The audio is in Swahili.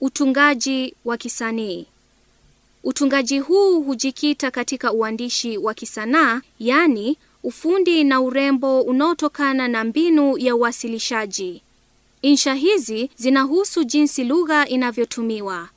Utungaji wa kisanii. Utungaji huu hujikita katika uandishi wa kisanaa, yaani ufundi na urembo unaotokana na mbinu ya uwasilishaji. Insha hizi zinahusu jinsi lugha inavyotumiwa.